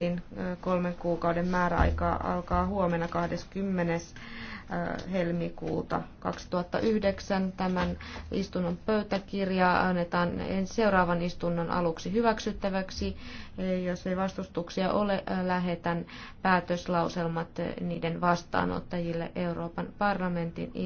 Niin, kolmen kuukauden määräaika alkaa huomenna 20. helmikuuta 2009. Tämän istunnon pöytäkirja annetaan seuraavan istunnon aluksi hyväksyttäväksi. E, jos ei vastustuksia ole, lähetän päätöslauselmat niiden vastaanottajille Euroopan parlamentin